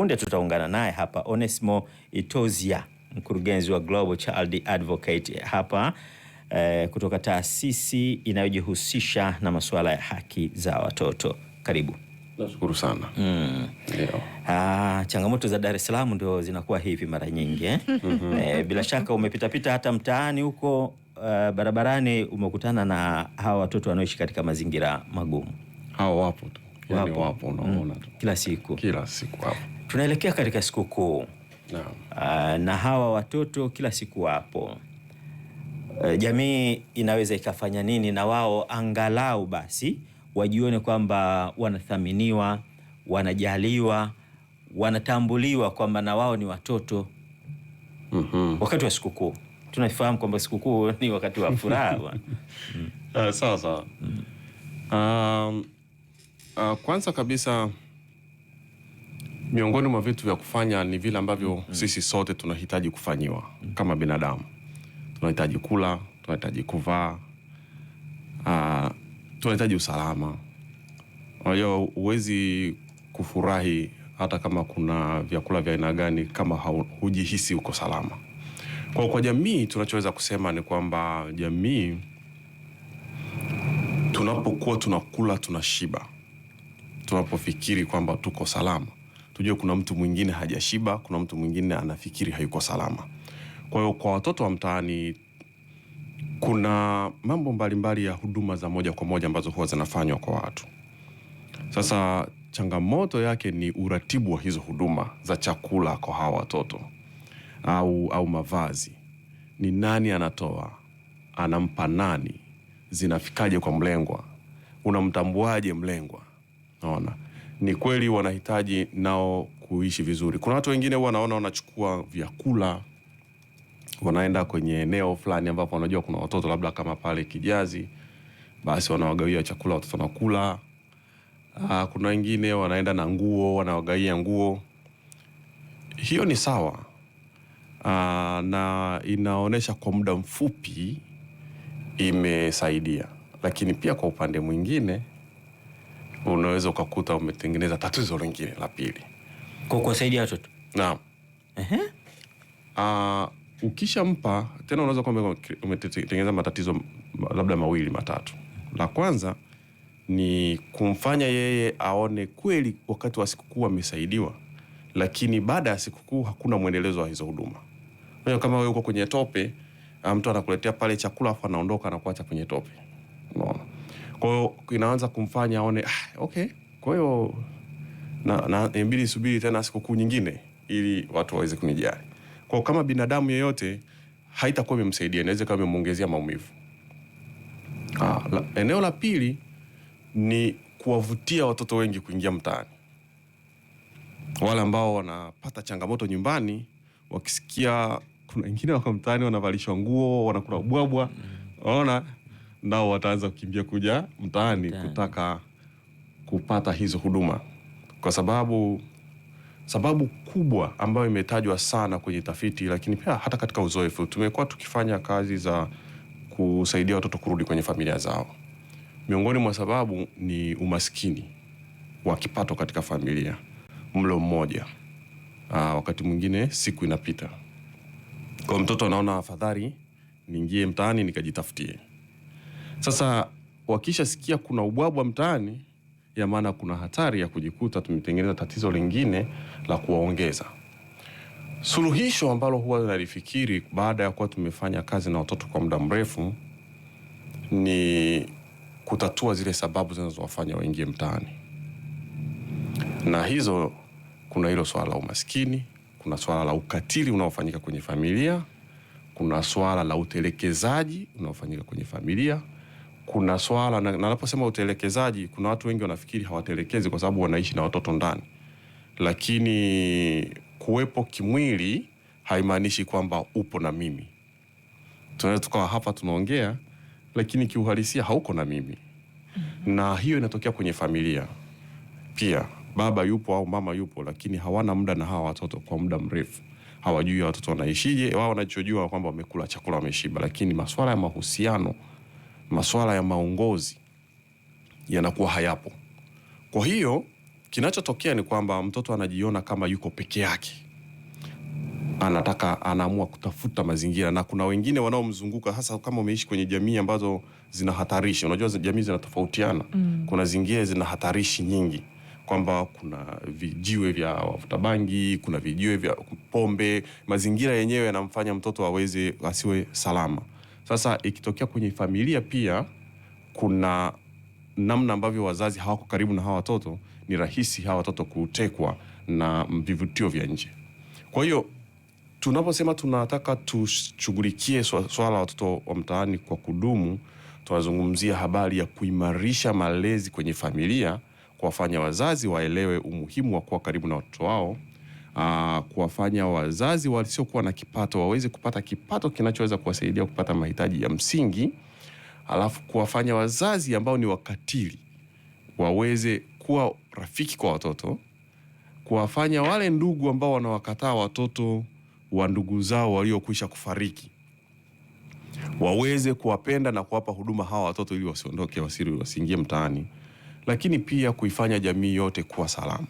Punde tutaungana naye hapa Onesmo Itozia, mkurugenzi wa Global Child Advocate hapa eh, kutoka taasisi inayojihusisha na masuala ya haki za watoto. Karibu. Nashukuru sana. Mm. Ah, changamoto za Dar es Salaam ndio zinakuwa hivi mara nyingi eh? Mhm. Eh, bila shaka umepitapita hata mtaani huko, uh, barabarani umekutana na hawa watoto wanaoishi katika mazingira magumu. Hao wapo tu. Yaani wapo, wapo unaona tu. Mm. Kila siku. Kila siku hapo tunaelekea katika sikukuu na, Uh, ah, na hawa watoto kila siku wapo. Uh, jamii inaweza ikafanya nini na wao angalau basi wajione kwamba wanathaminiwa, wanajaliwa, wanatambuliwa kwamba na wao ni watoto mm -hmm. Wakati wa sikukuu tunafahamu kwamba sikukuu ni wakati wa furaha Uh, Sawa sawa. Mm. Um, ah, kwanza kabisa miongoni mwa vitu vya kufanya ni vile ambavyo mm sisi sote tunahitaji kufanyiwa mm kama binadamu tunahitaji kula, tunahitaji kuvaa, uh, tunahitaji usalama. Unajua, huwezi kufurahi hata kama kuna vyakula vya aina gani kama hujihisi uko salama. Kwa kwa jamii, tunachoweza kusema ni kwamba jamii, tunapokuwa tunakula tunashiba, tunapofikiri kwamba tuko salama tujue kuna mtu mwingine hajashiba, kuna mtu mwingine anafikiri hayuko salama. Kwa hiyo kwa watoto wa mtaani kuna mambo mbalimbali ya huduma za moja kwa moja ambazo huwa zinafanywa kwa watu. Sasa changamoto yake ni uratibu wa hizo huduma za chakula kwa hawa watoto au, au mavazi. Ni nani anatoa, anampa nani, zinafikaje kwa mlengwa, unamtambuaje mlengwa? Naona ni kweli wanahitaji nao kuishi vizuri. Kuna watu wengine huwa wanaona wanachukua vyakula wanaenda kwenye eneo fulani ambapo wanajua kuna watoto labda kama pale Kijazi, basi wanawagawia chakula watoto wanakula. Aa, ah, kuna wengine wanaenda na nguo wanawagawia nguo. Hiyo ni sawa. Aa, ah, na inaonyesha kwa muda mfupi imesaidia, lakini pia kwa upande mwingine unaweza ukakuta umetengeneza tatizo lingine la pili kwa kuwasaidia watoto. Naam. Ehe. Uh, ukishampa tena unaweza kwamba umetengeneza matatizo labda mawili matatu. La kwanza ni kumfanya yeye aone kweli wakati wa sikukuu amesaidiwa, lakini baada ya sikukuu hakuna mwendelezo wa hizo huduma. Kama wewe uko kwenye tope, ah, mtu anakuletea pale chakula afu anaondoka anakuacha kwenye tope, unaona. Kwa hiyo inaanza kumfanya aone ah, okay, kwa hiyo na, na inabidi subiri tena sikukuu nyingine ili watu waweze kunijali. Kwa kama binadamu yeyote haitakuwa imemsaidia, inaweza kama imemuongezea maumivu. Ah, la, eneo la pili ni kuwavutia watoto wengi kuingia mtaani. Wale ambao wanapata changamoto nyumbani wakisikia kuna wengine wako mtaani wanavalishwa nguo wanakula bwabwa, unaona nao wataanza kukimbia kuja mtaani mtaani kutaka kupata hizo huduma, kwa sababu sababu kubwa ambayo imetajwa sana kwenye tafiti, lakini pia hata katika uzoefu, tumekuwa tukifanya kazi za kusaidia watoto kurudi kwenye familia zao. Miongoni mwa sababu ni umaskini wa kipato katika familia, mlo mmoja aa, ah, wakati mwingine siku inapita, kwa mtoto anaona afadhali niingie mtaani nikajitafutie sasa wakishasikia kuna ubwabwa mtaani, ya maana kuna hatari ya kujikuta tumetengeneza tatizo lingine la kuwaongeza. Suluhisho ambalo huwa nalifikiri baada ya kuwa tumefanya kazi na watoto kwa muda mrefu ni kutatua zile sababu zinazowafanya waingie mtaani, na hizo kuna hilo swala la umaskini, kuna swala la ukatili unaofanyika kwenye familia, kuna swala la utelekezaji unaofanyika kwenye familia kuna swala na naposema utelekezaji, kuna watu wengi wanafikiri hawatelekezi kwa sababu wanaishi na watoto ndani, lakini kuwepo kimwili haimaanishi kwamba upo na mimi. Tunaweza tukawa hapa tunaongea, lakini kiuhalisia hauko na mimi mm -hmm. na hiyo inatokea kwenye familia pia, baba yupo au mama yupo, lakini hawana muda na hawa watoto kwa muda mrefu hawajui watoto wanaishije. Wao wanachojua kwamba wamekula chakula, wameshiba, lakini masuala ya mahusiano masuala ya maongozi yanakuwa hayapo. Kwa hiyo kinachotokea ni kwamba mtoto anajiona kama yuko peke yake, anataka anaamua kutafuta mazingira, na kuna wengine wanaomzunguka, hasa kama umeishi kwenye jamii ambazo zinahatarishi Unajua jamii zinatofautiana mm. Kuna zingine zina hatarishi nyingi kwamba kuna vijiwe vya wafuta bangi, kuna vijiwe vya pombe. Mazingira yenyewe yanamfanya mtoto aweze asiwe salama. Sasa ikitokea kwenye familia pia kuna namna ambavyo wazazi hawako karibu na hawa watoto, ni rahisi hawa watoto kutekwa na vivutio vya nje. Kwa hiyo tunaposema tunataka tushughulikie swala la watoto wa mtaani kwa kudumu, tunazungumzia habari ya kuimarisha malezi kwenye familia, kuwafanya wazazi waelewe umuhimu wa kuwa karibu na watoto wao uh, kuwafanya wazazi wasiokuwa na kipato waweze kupata kipato kinachoweza kuwasaidia kupata mahitaji ya msingi, alafu kuwafanya wazazi ambao ni wakatili waweze kuwa rafiki kwa watoto, kuwafanya wale ndugu ambao wanawakataa watoto wa ndugu zao waliokwisha kufariki waweze kuwapenda na kuwapa huduma hawa watoto ili wasiondoke, wasiri, wasiingie mtaani, lakini pia kuifanya jamii yote kuwa salama.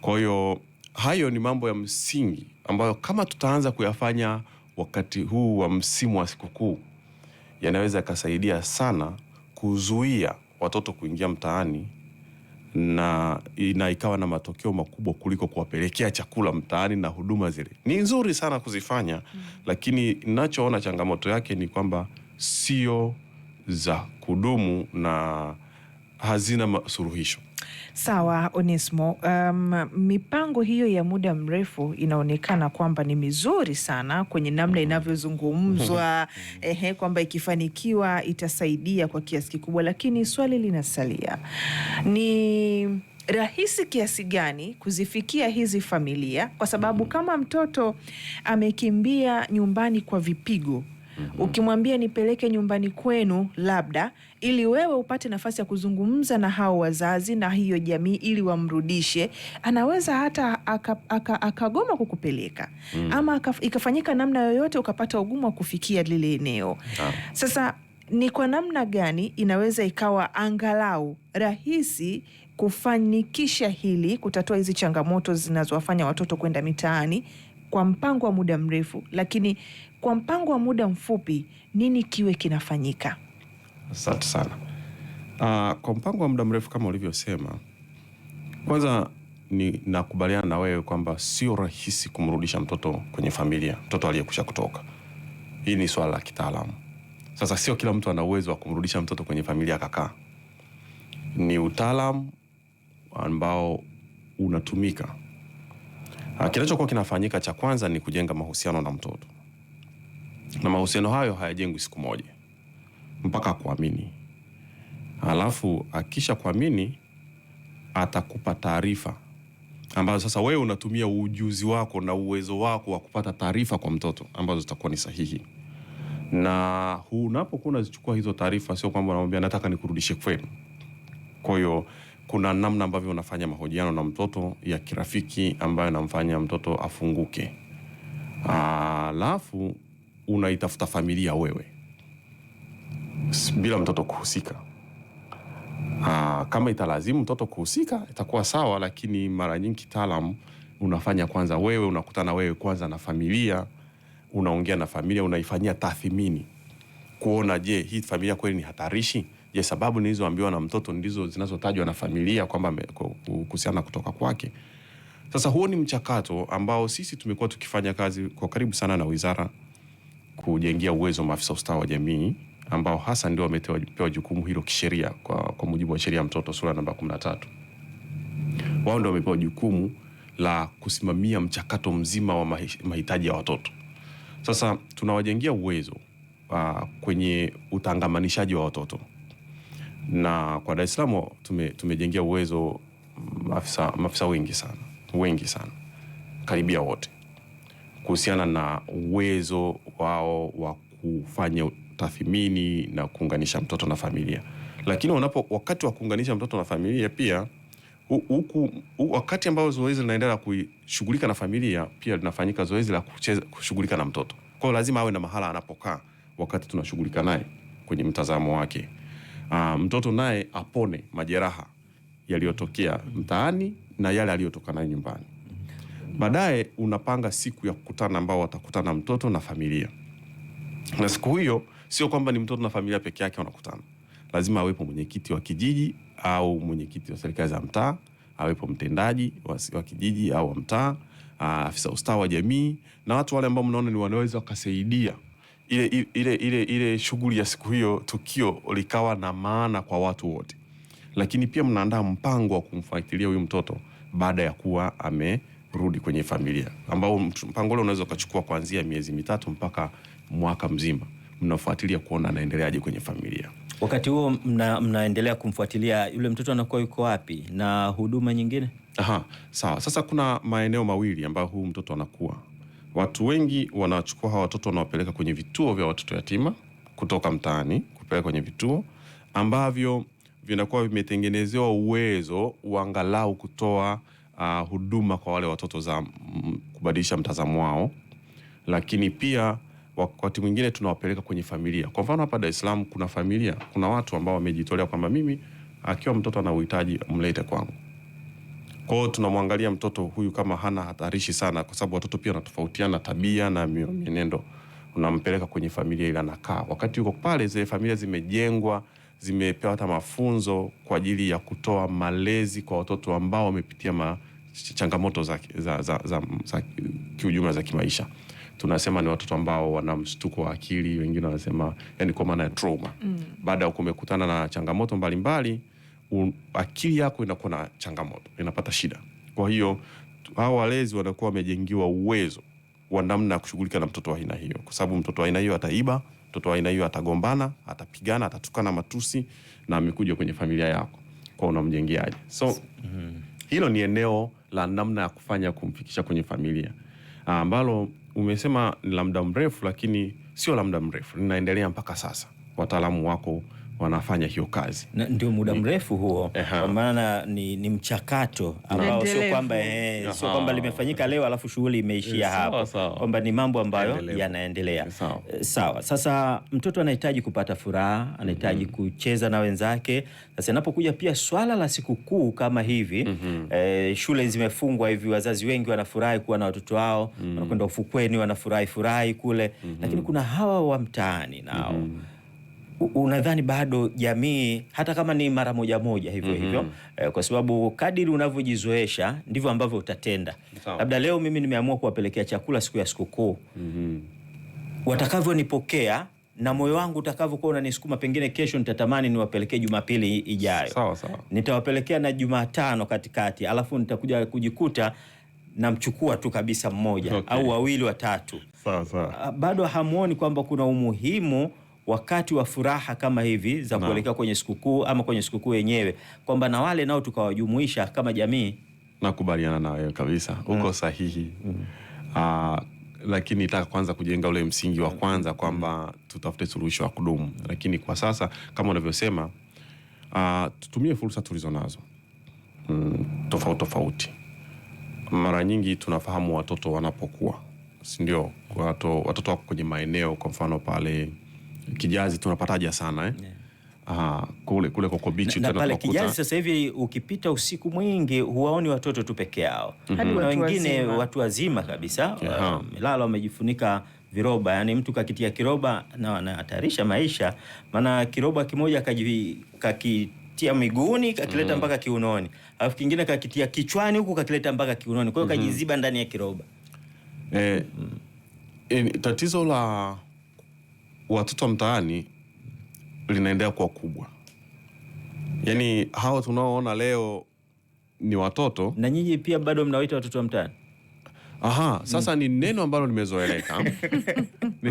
Kwa hiyo hayo ni mambo ya msingi ambayo kama tutaanza kuyafanya wakati huu wa msimu wa sikukuu yanaweza yakasaidia sana kuzuia watoto kuingia mtaani na, ina ikawa na matokeo makubwa kuliko kuwapelekea chakula mtaani na huduma zile ni nzuri sana kuzifanya mm. Lakini ninachoona changamoto yake ni kwamba sio za kudumu na hazina suluhisho. Sawa Onesmo, um, mipango hiyo ya muda mrefu inaonekana kwamba ni mizuri sana kwenye namna inavyozungumzwa mm-hmm. ehe, kwamba ikifanikiwa itasaidia kwa kiasi kikubwa, lakini swali linasalia ni rahisi kiasi gani kuzifikia hizi familia, kwa sababu mm-hmm. kama mtoto amekimbia nyumbani kwa vipigo -hmm. Ukimwambia nipeleke nyumbani kwenu, labda ili wewe upate nafasi ya kuzungumza na hao wazazi na hiyo jamii ili wamrudishe, anaweza hata akagoma aka, aka kukupeleka mm. ama ikafanyika namna yoyote ukapata ugumu wa kufikia lile eneo ah. Sasa ni kwa namna gani inaweza ikawa angalau rahisi kufanikisha hili, kutatua hizi changamoto zinazowafanya watoto kwenda mitaani kwa mpango wa muda mrefu, lakini kwa mpango wa muda mfupi nini kiwe kinafanyika? Asante sana. Uh, kwa mpango wa muda mrefu kama ulivyosema, kwanza ni nakubaliana na wewe kwamba sio rahisi kumrudisha mtoto kwenye familia, mtoto aliyekusha kutoka. Hii ni swala la kitaalamu. Sasa sio kila mtu ana uwezo wa kumrudisha mtoto kwenye familia akakaa. Ni utaalamu ambao unatumika Ah, Kinachokuwa kinafanyika cha kwanza ni kujenga mahusiano na mtoto, na mahusiano hayo hayajengwi siku moja, mpaka kuamini. Alafu akisha kuamini, atakupa taarifa ambazo sasa wewe unatumia ujuzi wako na uwezo wako wa kupata taarifa kwa mtoto ambazo zitakuwa ni sahihi, na unapokuwa unazichukua hizo taarifa, sio kwamba unamwambia nataka nikurudishe kwenu. Kwa hiyo kuna namna ambavyo unafanya mahojiano na mtoto ya kirafiki ambayo anamfanya mtoto afunguke. Ah, alafu unaitafuta familia wewe bila mtoto kuhusika. Aa, ah, kama italazimu mtoto kuhusika itakuwa sawa, lakini mara nyingi kitaalam unafanya kwanza wewe, unakutana wewe kwanza na familia, unaongea na familia, unaifanyia tathmini kuona, je, hii familia kweli ni hatarishi Je, sababu nilizoambiwa na mtoto ndizo zinazotajwa na familia kwamba kuhusiana na kutoka kwake? Sasa huo ni mchakato ambao sisi tumekuwa tukifanya kazi kwa karibu sana na wizara kujengia uwezo maafisa ustawi wa jamii ambao hasa ndio wamepewa jukumu hilo kisheria kwa, kwa mujibu wa sheria ya mtoto sura namba 13. Wao ndio wamepewa jukumu la kusimamia mchakato mzima wa mahitaji ya watoto. Sasa tunawajengia uwezo uh, kwenye utangamanishaji wa watoto na kwa Dar es Salaam tumejengea uwezo maafisa, maafisa wengi sana wengi sana karibia wote kuhusiana na uwezo wao wa kufanya tathmini na kuunganisha mtoto na familia. Lakini wanapo wakati wa kuunganisha mtoto na familia pia huku wakati ambao zoezi linaendelea kushughulika na familia pia linafanyika zoezi la kushughulika na mtoto. Kwa hiyo lazima awe na mahala anapokaa wakati tunashughulika naye kwenye mtazamo wake uh, mtoto naye apone majeraha yaliyotokea mtaani na yale aliyotoka nayo nyumbani. Baadaye unapanga siku ya kukutana, ambao watakutana mtoto na familia, na siku hiyo sio kwamba ni mtoto na familia peke yake wanakutana, lazima awepo mwenyekiti wa kijiji au mwenyekiti wa serikali za mtaa, awepo mtendaji wa kijiji au wa mtaa, ah, afisa ustawi wa jamii na watu wale ambao mnaona ni wanaweza wakasaidia ile, ile, ile, ile shughuli ya siku hiyo, tukio likawa na maana kwa watu wote, lakini pia mnaandaa mpango wa kumfuatilia huyu mtoto baada ya kuwa amerudi kwenye familia, ambao mpango ule unaweza ukachukua kuanzia miezi mitatu mpaka mwaka mzima. Mnafuatilia kuona anaendeleaje kwenye familia. Wakati huo mna, mnaendelea kumfuatilia yule mtoto anakuwa yuko wapi na huduma nyingine. Aha, sawa. Sasa kuna maeneo mawili ambayo huu mtoto anakuwa Watu wengi wanawachukua hawa watoto wanawapeleka kwenye vituo vya watoto yatima kutoka mtaani kupeleka kwenye vituo ambavyo vinakuwa vimetengenezewa uwezo angalau kutoa uh, huduma kwa wale watoto za kubadilisha mtazamo wao, lakini pia wakati mwingine tunawapeleka kwenye familia. Kwa mfano hapa Dar es Salaam kuna familia, kuna watu ambao wamejitolea kwamba mimi akiwa mtoto ana uhitaji mlete kwangu. Kwa hiyo tunamwangalia mtoto huyu kama hana hatarishi sana, kwa sababu watoto pia wanatofautiana tabia na mienendo. Unampeleka kwenye familia ile anakaa, wakati yuko pale zile familia zimejengwa, zimepewa hata mafunzo kwa ajili ya kutoa malezi kwa watoto ambao wamepitia changamoto za, za, za, za, za kiujumla za kimaisha tunasema ni watoto ambao wana mshtuko wa akili, wengine wanasema yani, kwa maana ya trauma mm. Baada ya kumekutana na changamoto mbalimbali akili yako inakuwa na changamoto, inapata shida. Kwa hiyo hawa walezi wanakuwa wamejengiwa uwezo wa namna ya kushughulika na mtoto wa aina hiyo, kwa sababu mtoto wa aina hiyo ataiba, mtoto wa aina hiyo atagombana, atapigana, atatukana matusi, na amekuja kwenye familia yako, kwa unamjengeaje? So mm-hmm. Mm-hmm. hilo ni eneo la namna ya kufanya kumfikisha kwenye familia ah, ambalo umesema ni la muda mrefu, lakini sio la muda mrefu, linaendelea mpaka sasa. Wataalamu wako wanafanya hiyo kazi na ndio muda mrefu huo, kwa maana ni, ni mchakato ambao sio kwamba eh, sio kwamba limefanyika leo alafu shughuli imeishia eh, hapo, kwamba ni mambo ambayo yanaendelea. Eh, sawa. Eh, sawa, sasa mtoto anahitaji kupata furaha, anahitaji mm -hmm. kucheza na wenzake. Sasa inapokuja pia swala la sikukuu kama hivi mm -hmm. eh, shule zimefungwa hivi, wazazi wengi wanafurahi kuwa na watoto wao mm -hmm. wanakwenda ufukweni, wanafurahi furahi kule mm -hmm. lakini kuna hawa wa mtaani nao mm -hmm unadhani bado jamii hata kama ni mara moja moja hivyo mm -hmm. hivyo e, kwa sababu kadiri unavyojizoesha ndivyo ambavyo utatenda. Labda leo mimi nimeamua kuwapelekea chakula siku ya sikukuu mm -hmm. watakavyonipokea na moyo wangu utakavyokuwa unanisukuma, pengine kesho nitatamani niwapelekee Jumapili ijayo. Sawa sawa, nitawapelekea na Jumatano katikati, alafu nitakuja kujikuta namchukua tu kabisa mmoja okay. au wawili watatu. Sawa sawa, ah, bado hamuoni kwamba kuna umuhimu wakati wa furaha kama hivi za kuelekea kwenye sikukuu ama kwenye sikukuu yenyewe, kwamba na wale nao tukawajumuisha kama jamii. Nakubaliana na wewe kabisa, uko mm. sahihi mm. Aa, ah, lakini nataka kwanza kujenga ule msingi wa mm. kwanza mm. kwamba tutafute suluhisho la kudumu, lakini kwa sasa kama unavyosema, ah, tutumie fursa tulizonazo mm, tofauti tofauti. Mara nyingi tunafahamu watoto wanapokuwa, si ndio? Watoto wako kwenye maeneo, kwa mfano pale Kijazi tunapataja sana eh? Yeah. Aha, kule kule Koko Beach na, na pale Kijazi sasa hivi ukipita usiku mwingi huwaoni watoto tu peke yao mm -hmm. wengine watu wazima kabisa yeah. wamejifunika viroba, yani mtu kakitia kiroba na anahatarisha maisha, maana kiroba kimoja kaki kakitia miguuni kakileta mm. mpaka kiunoni, alafu kingine kakitia kichwani huku kakileta mpaka kiunoni, kwa hiyo mm -hmm. kajiziba ndani ya kiroba eh, mm. eh, tatizo la watoto wa mtaani linaendelea kuwa kubwa. Yaani hawa tunaoona leo ni watoto. Na nyinyi pia bado mnawaita watoto wa mtaani? Aha, sasa Ni neno ambalo limezoeleka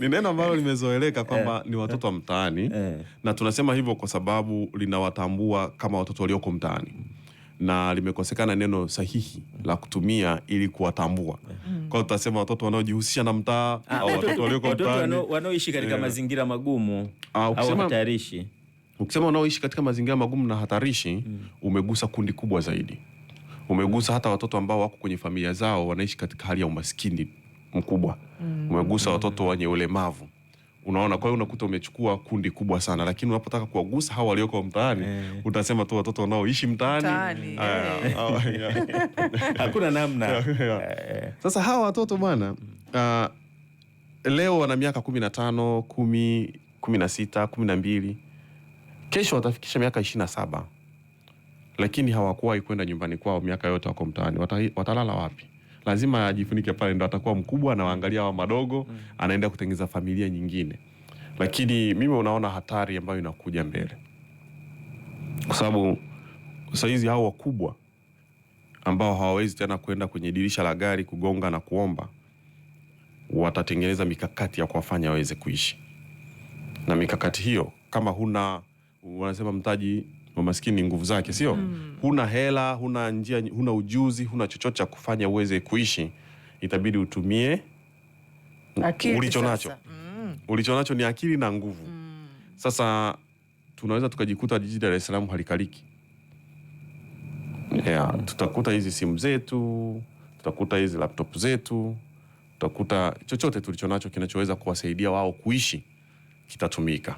ni neno ambalo limezoeleka kwamba eh. ni watoto wa mtaani eh. na tunasema hivyo kwa sababu linawatambua kama watoto walioko mtaani na limekosekana neno sahihi la kutumia ili kuwatambua. Mm. kwao tutasema watoto wanaojihusisha na mtaa ah, au watoto walioko mtaani wanaoishi katika yeah, mazingira magumu ah, au hatarishi. Ukisema wanaoishi katika mazingira magumu na hatarishi, mm, umegusa kundi kubwa zaidi. Umegusa hata watoto ambao wako kwenye familia zao wanaishi katika hali ya umaskini mkubwa. Mm. Umegusa mm. watoto wenye ulemavu Unaona, kwa hiyo unakuta umechukua kundi kubwa sana, lakini unapotaka kuwagusa hawa walioko mtaani eh, utasema tu watoto wanaoishi mtaani eh. Eh. hakuna namna. Eh, Sasa hawa watoto bwana, uh, leo wana miaka kumi na tano, kumi, kumi na sita, kumi na mbili, kesho watafikisha miaka ishirini na saba, lakini hawakuwahi kwenda nyumbani kwao miaka yote wako mtaani. Watalala wapi? lazima ajifunike pale, ndo atakuwa mkubwa na waangalia wa madogo mm. anaenda kutengeneza familia nyingine, lakini mimi unaona hatari ambayo inakuja mbele, kwa sababu saizi hao wakubwa ambao hawawezi tena kwenda kwenye dirisha la gari kugonga na kuomba, watatengeneza mikakati ya kuwafanya waweze kuishi, na mikakati hiyo kama huna wanasema mtaji umaskini ni nguvu zake, sio? mm. Huna hela, huna njia, huna ujuzi, huna chochote cha kufanya uweze kuishi, itabidi utumie ulicho nacho. mm. Ulicho nacho ni akili na nguvu. mm. Sasa tunaweza tukajikuta jiji Dar es Salaam halikaliki. Yeah, tutakuta hizi simu zetu, tutakuta hizi laptop zetu, tutakuta chochote tulicho nacho kinachoweza kuwasaidia wao kuishi kitatumika.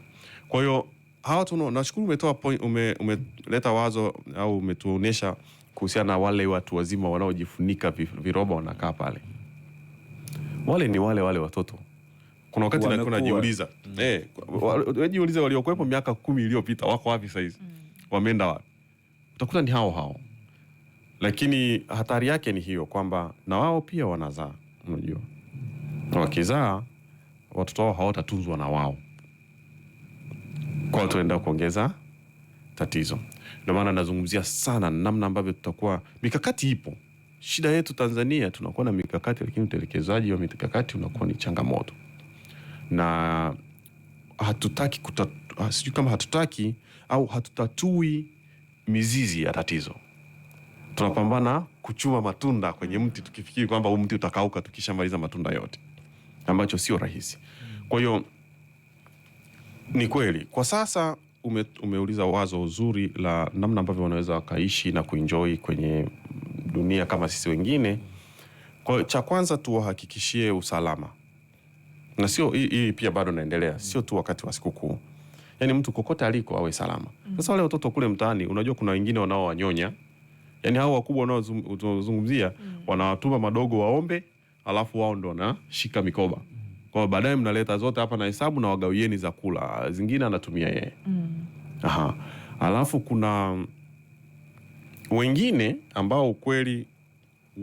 Kwa hiyo hawa tuno, nashukuru umetoa point, ume, umeleta wazo au umetuonesha kuhusiana na wale watu wazima wanaojifunika viroba wanakaa pale. Wale ni wale wale watoto kuna wakati najiuliza wejiulize, jiuliza mm. eh, waliokuwepo miaka kumi iliyopita wako wapi saizi? mm. wameenda wapi? Utakuta ni hao hao, lakini hatari yake ni hiyo kwamba na wao pia wanazaa, unajua, wakizaa watoto wao hawatatunzwa na wao kwao tunaenda kuongeza tatizo. Ndio maana nazungumzia sana namna ambavyo tutakuwa, mikakati ipo. Shida yetu Tanzania tunakuwa na mikakati, lakini utekelezaji wa mikakati unakuwa ni changamoto, na hatutaki kuta, sijui kama hatutaki au hatutatui mizizi ya tatizo. Tunapambana kuchuma matunda kwenye mti tukifikiri kwamba huu mti utakauka tukishamaliza matunda yote, ambacho sio rahisi. Kwa hiyo ni kweli kwa sasa ume, umeuliza wazo uzuri la namna ambavyo wanaweza wakaishi na kuenjoy kwenye dunia kama sisi wengine. Kwa cha kwanza tuwahakikishie usalama, na sio hii pia bado naendelea, sio tu wakati wa sikukuu, yani mtu kokote aliko awe salama. Mm. Sasa wale watoto kule mtaani, unajua kuna wengine wanaowanyonya, yani hao wakubwa wanaozungumzia mm. wanawatuma madogo waombe, alafu wao ndo wanashika mikoba kwa baadaye mnaleta zote hapa na hesabu na wagawieni za kula, zingine anatumia yeye mm. Aha. Alafu kuna wengine ambao ukweli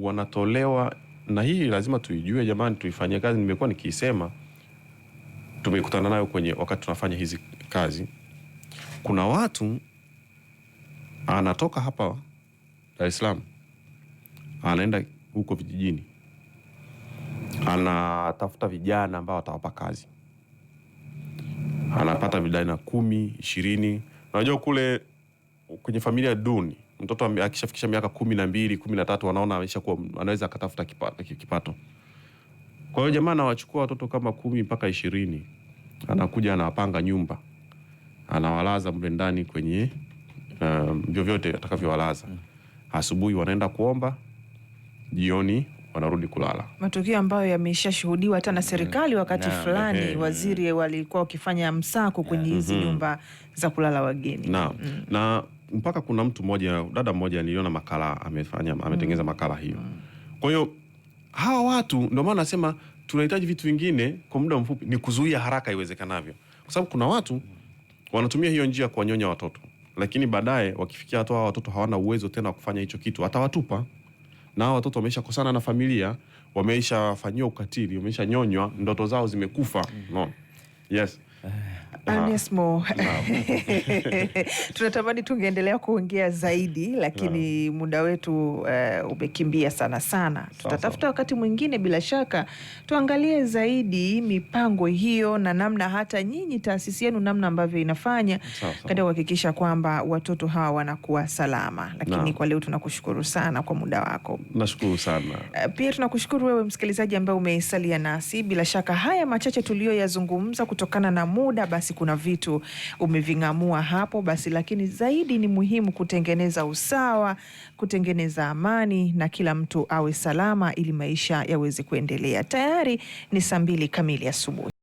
wanatolewa, na hii lazima tuijue jamani, tuifanyie kazi. Nimekuwa nikiisema, tumekutana nayo kwenye wakati tunafanya hizi kazi. Kuna watu anatoka hapa Dar es Salaam anaenda huko vijijini anatafuta vijana ambao atawapa kazi, anapata vijana kumi ishirini. Unajua kule kwenye familia duni mtoto akishafikisha miaka kumi na mbili kumi na tatu anaona ameshakuwa anaweza akatafuta kipato. Kwa hiyo jamaa anawachukua watoto kama kumi mpaka ishirini, anakuja anawapanga nyumba, anawalaza mle ndani kwenye eh, vyovyote um, atakavyowalaza. Asubuhi wanaenda kuomba, jioni wanarudi kulala, matukio ambayo yameshashuhudiwa hata na mm. serikali wakati na, fulani okay. Waziri walikuwa wakifanya msako kwenye hizi yeah. Mm-hmm. nyumba za kulala wageni na, mm. na mpaka kuna mtu mmoja dada mmoja niliona makala amefanya ametengeneza mm. makala hiyo mm. kwa hiyo hawa watu ndio maana nasema tunahitaji vitu vingine kwa muda mfupi, ni kuzuia haraka iwezekanavyo, kwa sababu kuna watu wanatumia hiyo njia kuwanyonya watoto, lakini baadaye wakifikia hatua watoto hawana uwezo tena wa kufanya hicho kitu, atawatupa na hao watoto wameshakosana na familia, wameshafanyiwa ukatili, wameshanyonywa, ndoto zao zimekufa. Mm. No. Yes. Eh. Mo. tunatamani tungeendelea kuongea zaidi, lakini muda wetu uh, umekimbia sana sana. Tutatafuta wakati mwingine bila shaka tuangalie zaidi mipango hiyo na namna hata nyinyi taasisi yenu namna ambavyo inafanya katika kuhakikisha kwamba watoto hawa wanakuwa salama. Lakini kwa leo tunakushukuru sana kwa muda wako. Nashukuru sana. Uh, pia tunakushukuru wewe msikilizaji ambaye umeisalia nasi. Bila shaka haya machache tuliyoyazungumza kutokana na muda basi kuna vitu umeving'amua hapo basi, lakini zaidi ni muhimu kutengeneza usawa, kutengeneza amani na kila mtu awe salama ili maisha yaweze kuendelea. Tayari ni saa mbili kamili asubuhi.